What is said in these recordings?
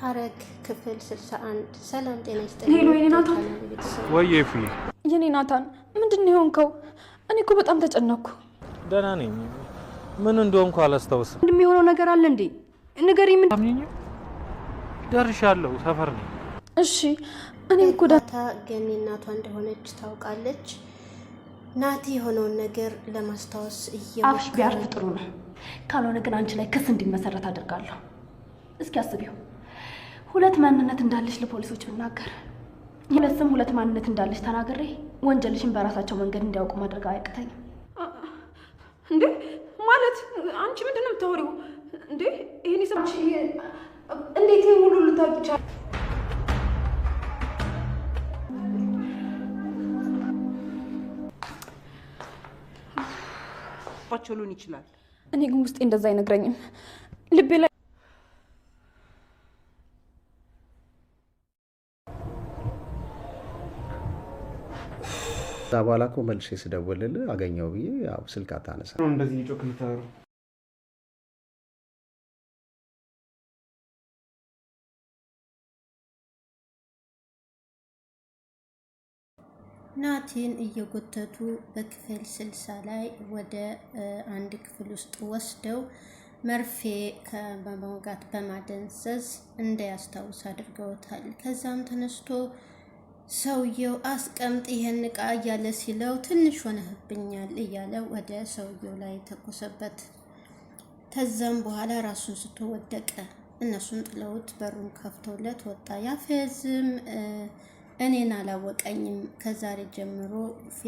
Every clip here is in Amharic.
ሐረግ ክፍል 61 ሰላም ጤና ይስጥልኝ። ወይዬ ፊ የኔ ናታን ምንድን ነው የሆንከው? እኔ እኮ በጣም ተጨነኩ። ደህና ነኝ። ምን እንደሆንኩ አላስታውስም። ምንድን የሆነው ነገር አለ እንዴ? ንገሪኝ። ምን ደርሻለሁ? ሰፈር ነኝ። እሺ እኔ እኮ ገኒ እናቷ እንደሆነች ታውቃለች። ናቲ የሆነውን ነገር ለማስታወስ እየአፍሽ ቢያርፍ ጥሩ ነው። ካልሆነ ግን አንቺ ላይ ክስ እንዲመሰረት አድርጋለሁ። እስኪ አስቢው። ሁለት ማንነት እንዳለሽ ለፖሊሶች ብናገር ሁለት ስም ሁለት ማንነት እንዳለሽ ተናግሬ ወንጀልሽን በራሳቸው መንገድ እንዲያውቁ ማድረግ አያቅተኝም። እንዴ ማለት አንቺ ምንድን ነው የምታወሪው? እንዴ ይህን ሰ እንዴት ሙሉ ልታቂቻ ሊሆን ይችላል። እኔ ግን ውስጤ እንደዛ አይነግረኝም ልቤ ላይ በኋላ እኮ መልሼ ስደውልልህ አገኘው ብዬ ያው ስልክ አታነሳ እንደዚህ ጮክ ናቲን እየጎተቱ በክፍል ስልሳ ላይ ወደ አንድ ክፍል ውስጥ ወስደው መርፌ በመውጋት በማደንዘዝ እንዳያስታውስ አድርገውታል። ከዛም ተነስቶ ሰውየው አስቀምጥ ይሄን እቃ እያለ ሲለው ትንሽ ሆነህብኛል እያለ ወደ ሰውየው ላይ ተኮሰበት። ከዛም በኋላ ራሱን ስቶ ወደቀ። እነሱን ጥለውት በሩን ከፍተውለት ወጣ። ያፌዝም እኔን አላወቀኝም፣ ከዛሬ ጀምሮ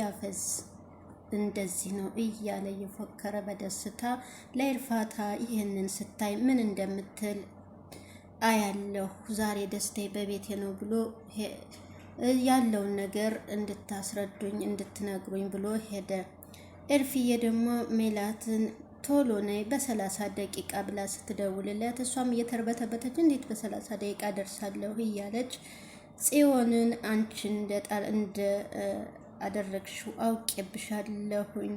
ያፌዝ እንደዚህ ነው እያለ እየፎከረ በደስታ ለኢርፋታ ይህንን ስታይ ምን እንደምትል አያለሁ፣ ዛሬ ደስታዬ በቤቴ ነው ብሎ ያለውን ነገር እንድታስረዱኝ እንድትነግሩኝ ብሎ ሄደ። እርፍዬ ደግሞ ሜላትን ቶሎ ነይ በሰላሳ ደቂቃ ብላ ስትደውልለት እሷም እየተርበተበተች እንዴት በሰላሳ ደቂቃ ደርሳለሁ እያለች ጽዮንን አንቺ እንደ ጣል እንደ አደረግሽው አውቄብሻለሁኝ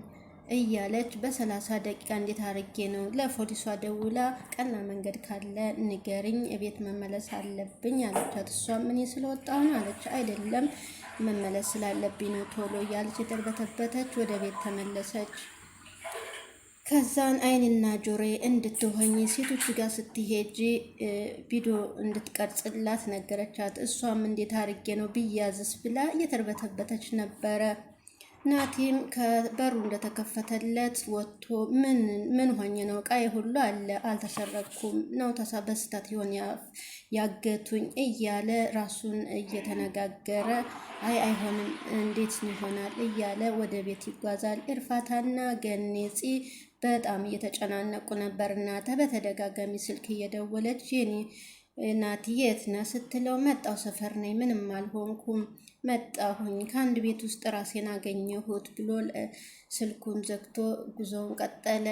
እያለች በሰላሳ ደቂቃ እንዴት አርጌ ነው ለፖሊሷ ደውላ ቀና መንገድ ካለ ንገርኝ፣ እቤት መመለስ አለብኝ አለቻት። እሷም እኔ ስለወጣሁ ነው አለች። አይደለም መመለስ ስላለብኝ ነው ቶሎ እያለች የተርበተበተች ወደ ቤት ተመለሰች። ከዛን አይንና ጆሬ እንድትሆኝ ሴቶች ጋር ስትሄጂ ቪዲዮ እንድትቀርጽላት ነገረቻት። እሷም እንዴት አርጌ ነው ብያዝስ ብላ እየተርበተበተች ነበረ። ናቲም ከበሩ እንደተከፈተለት ወጥቶ ምን ሆኜ ነው እቃዬ ሁሉ አለ አልተሰረኩም ነው ተሳ በስታት ይሆን ያገቱኝ እያለ ራሱን እየተነጋገረ አይ አይሆንም እንዴት ይሆናል እያለ ወደ ቤት ይጓዛል። እርፋታና ገኔጺ በጣም እየተጨናነቁ ነበር። እናተ በተደጋጋሚ ስልክ እየደወለች የኔ ናቲ የት ነህ ስትለው መጣው ሰፈር ነኝ ምንም አልሆንኩም መጣሁኝ ከአንድ ቤት ውስጥ ራሴን አገኘሁት ብሎ ስልኩን ዘግቶ ጉዞውን ቀጠለ።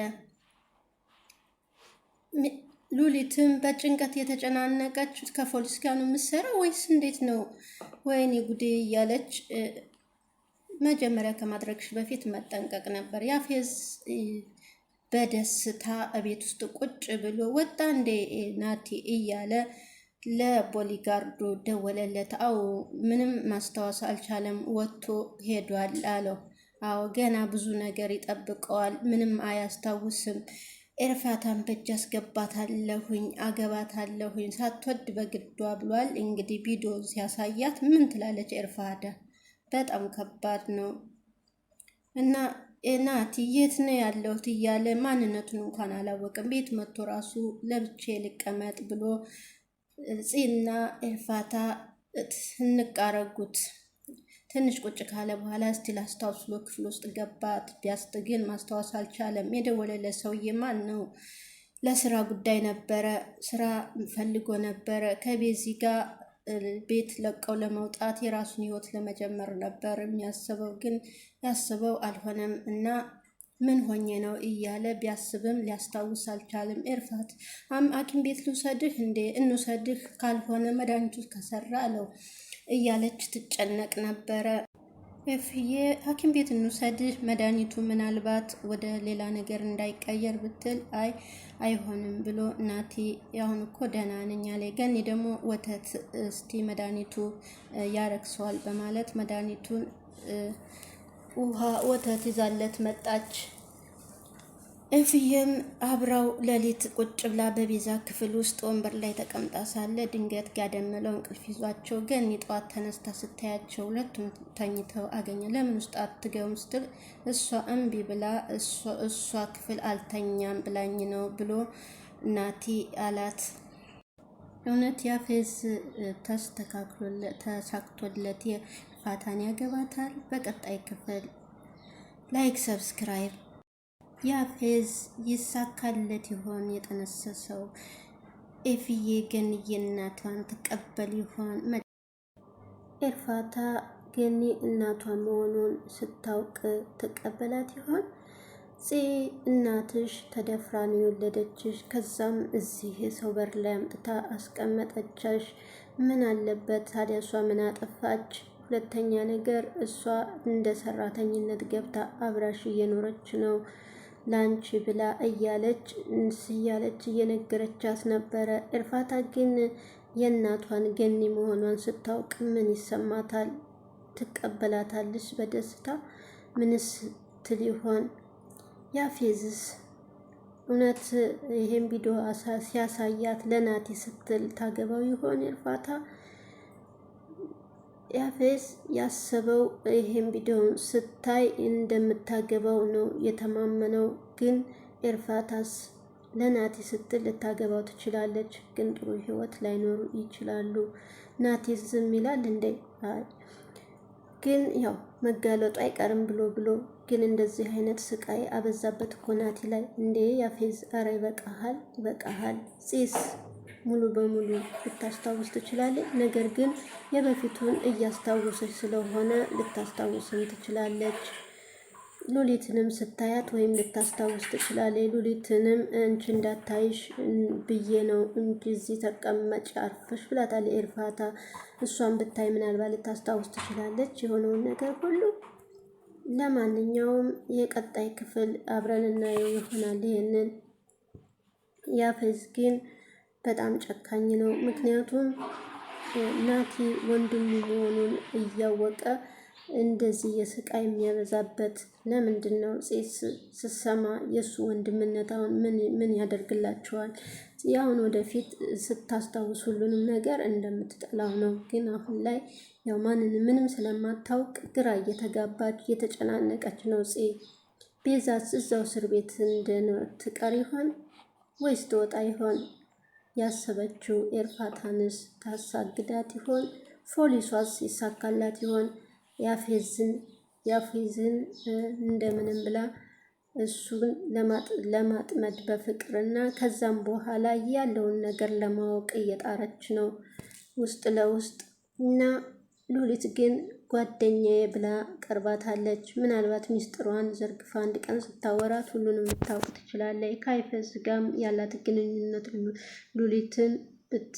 ሉሊትም በጭንቀት የተጨናነቀች ከፖሊስ ጋር ነው የምትሰራው ወይስ እንዴት ነው? ወይኔ ጉዴ እያለች መጀመሪያ ከማድረግሽ በፊት መጠንቀቅ ነበር። ያፌዝ በደስታ እቤት ውስጥ ቁጭ ብሎ ወጣ እንዴ ናቲ እያለ ለቦሊጋርዱ ደወለለት። አዎ ምንም ማስታወስ አልቻለም፣ ወጥቶ ሄዷል አለው። አዎ ገና ብዙ ነገር ይጠብቀዋል፣ ምንም አያስታውስም። ኤርፋታን በእጅ አስገባታለሁኝ፣ አገባታለሁኝ ሳትወድ በግዷ ብሏል። እንግዲህ ቪዲዮ ሲያሳያት ምን ትላለች ኤርፋዳ? በጣም ከባድ ነው እና ናቲ የት ነው ያለሁት እያለ ማንነቱን እንኳን አላወቅም። ቤት መጥቶ ራሱ ለብቼ ልቀመጥ ብሎ ፂና ኤልፋታ እንቃረጉት ትንሽ ቁጭ ካለ በኋላ ስቲል አስታውስሎ ክፍል ውስጥ ገባ። ቢያስጥ ግን ማስታወስ አልቻለም። የደወለለ ሰውዬ ማን ነው? ለስራ ጉዳይ ነበረ። ስራ ፈልጎ ነበረ። ከቤዚ ጋር ቤት ለቀው ለመውጣት የራሱን ህይወት ለመጀመር ነበር የሚያስበው፣ ግን ያስበው አልሆነም እና ምን ሆኜ ነው እያለ ቢያስብም ሊያስታውስ አልቻልም። ኤርፋት ሐኪም ቤት ልውሰድህ እንዴ? እንውሰድህ ካልሆነ መድኃኒቱ ከሰራ አለው እያለች ትጨነቅ ነበረ። ኤፍዬ ሐኪም ቤት እንውሰድህ፣ መድኃኒቱ ምናልባት ወደ ሌላ ነገር እንዳይቀየር ብትል አይ አይሆንም ብሎ እናቴ አሁን እኮ ደህና ነኝ አለ። ገኒ ደግሞ ወተት እስቲ መድኃኒቱ ያረግሰዋል በማለት መድኃኒቱን ውሃ ወተት ይዛለት መጣች። እፍዬም አብራው ሌሊት ቁጭ ብላ በቤዛ ክፍል ውስጥ ወንበር ላይ ተቀምጣ ሳለ ድንገት ያደመለው እንቅልፍ ይዟቸው ገኒ ጠዋት ተነስታ ስታያቸው ሁለቱም ተኝተው አገኘ። ለምን ውስጥ አትገቡም ስትል እሷ እምቢ ብላ እሷ ክፍል አልተኛም ብላኝ ነው ብሎ ናቲ አላት። እውነት ያፌዝ ተስተካክሎ ተሳክቶለት ፋታን ያገባታል። በቀጣይ ክፍል ላይክ፣ ሰብስክራይብ ያፌዝ ይሳካለት ይሆን? የጠነሰሰው ኤፍዬ ገንዬ እናቷን ትቀበል ይሆን? ኤርፋታ ገኒ እናቷ መሆኑን ስታውቅ ትቀበላት ይሆን? ፄ እናትሽ ተደፍራን የወለደችሽ ከዛም እዚህ ሰው በር ላይ አምጥታ አስቀመጠቻሽ። ምን አለበት ታዲያ እሷ ምን አጠፋች? ሁለተኛ ነገር እሷ እንደ ሰራተኝነት ገብታ አብራሽ እየኖረች ነው ላንቺ ብላ እያለች እያለች እየነገረቻት ነበረ። እርፋታ ግን የእናቷን ገኒ መሆኗን ስታውቅ ምን ይሰማታል? ትቀበላታለች በደስታ ምንስ ትል ይሆን? ያፌዝስ እውነት ይሄን ቪዲዮ ሲያሳያት ለናቲ ስትል ታገባው ይሆን እርፋታ? ያፌዝ ያሰበው ይህም ቪዲዮን ስታይ እንደምታገባው ነው የተማመነው። ግን ኤርፋታስ ለናቲ ስትል ልታገባው ትችላለች፣ ግን ጥሩ ህይወት ላይኖሩ ይችላሉ። ናቲ ዝም ይላል እንዴ? አይ ግን ያው መጋለጡ አይቀርም ብሎ ብሎ ግን እንደዚህ አይነት ስቃይ አበዛበት እኮ ናቲ ላይ እንዴ። ያፌዝ አረ ይበቃሃል፣ ይበቃሃል ጺስ ሙሉ በሙሉ ልታስታውስ ትችላለች። ነገር ግን የበፊቱን እያስታወሰች ስለሆነ ልታስታውስም ትችላለች። ሉሊትንም ስታያት ወይም ልታስታውስ ትችላለች። ሉሊትንም እንቺ እንዳታይሽ ብዬ ነው እንጂ እዚህ ተቀመጭ አርፈሽ ብላታለች ኤርፋታ። እሷን ብታይ ምናልባት ልታስታውስ ትችላለች የሆነውን ነገር ሁሉ። ለማንኛውም የቀጣይ ክፍል አብረን እናየው ይሆናል። ይህንን ያፌዝ ግን በጣም ጨካኝ ነው። ምክንያቱም ናቲ ወንድሙ መሆኑን እያወቀ እንደዚህ የስቃይ የሚያበዛበት ለምንድን ነው? ስሰማ የእሱ ወንድምነት አሁን ምን ያደርግላቸዋል? ያሁን ወደፊት ስታስታውስ ሁሉንም ነገር እንደምትጠላው ነው። ግን አሁን ላይ ያው ማንን ምንም ስለማታውቅ ግራ እየተጋባች እየተጨናነቀች ነው። ጽ ቤዛስ እዛው እስር ቤት እንደትቀር ይሆን ወይስ ትወጣ ይሆን? ያሰበችው ኤርፋታንስ ታሳግዳት ይሆን? ፖሊሷስ ይሳካላት ይሆን? ያፌዝን ያፌዝን እንደምንም ብላ እሱን ለማጥመድ በፍቅርና ከዛም በኋላ ያለውን ነገር ለማወቅ እየጣረች ነው ውስጥ ለውስጥ እና ሉሊት ግን ጓደኛዬ ብላ ቀርባታለች። ምናልባት ሚስጥሯን ዘርግፋ አንድ ቀን ስታወራት ሁሉንም ልታውቅ ትችላለች። ካይፈዝ ጋም ያላት ግንኙነት ሉሊትን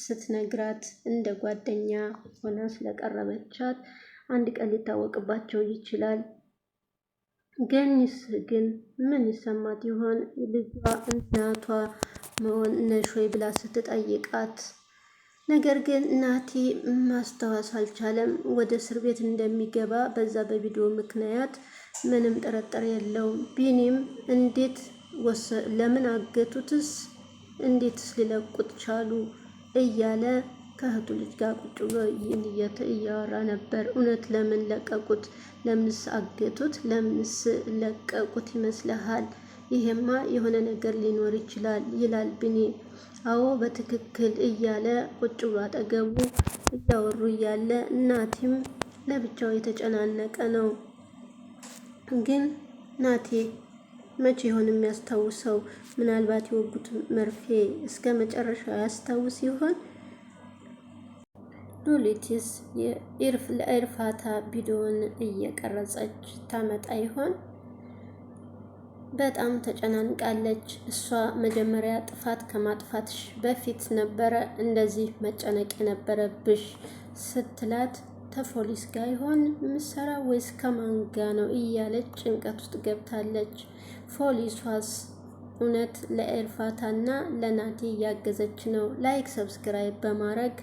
ስትነግራት እንደ ጓደኛ ሆና ስለቀረበቻት አንድ ቀን ሊታወቅባቸው ይችላል። ገኒስ ግን ምን ይሰማት ይሆን? ልጇ እናቷ መሆን ነሽ ወይ ብላ ስትጠይቃት ነገር ግን ናቲ ማስታወስ አልቻለም። ወደ እስር ቤት እንደሚገባ በዛ በቪዲዮ ምክንያት ምንም ጥርጥር የለውም። ቢኒም እንዴት ለምን አገቱትስ? እንዴትስ ሊለቁት ቻሉ? እያለ ከእህቱ ልጅ ጋር ቁጭ ብሎ እያወራ ነበር። እውነት ለምን ለቀቁት? ለምንስ አገቱት? ለምንስ ለቀቁት ይመስልሃል? ይሄማ የሆነ ነገር ሊኖር ይችላል ይላል ቢኒ። አዎ በትክክል እያለ ቁጭ ብሎ አጠገቡ እያወሩ እያለ ናቲም ለብቻው የተጨናነቀ ነው። ግን ናቴ መቼ ይሆን የሚያስታውሰው? ምናልባት የወጉት መርፌ እስከ መጨረሻ ያስታውስ ይሆን? ሉሊትስ ለእርፋታ ቪዲዮን እየቀረጸች ታመጣ ይሆን? በጣም ተጨናንቃለች። እሷ መጀመሪያ ጥፋት ከማጥፋትሽ በፊት ነበረ እንደዚህ መጨነቅ የነበረብሽ ስትላት ተፎሊስ ጋር ይሆን ምሰራ ወይስ ከማንጋ ነው እያለች ጭንቀት ውስጥ ገብታለች። ፖሊሷስ እውነት ለኤልፋታና ለናቲ እያገዘች ነው። ላይክ ሰብስክራይብ በማድረግ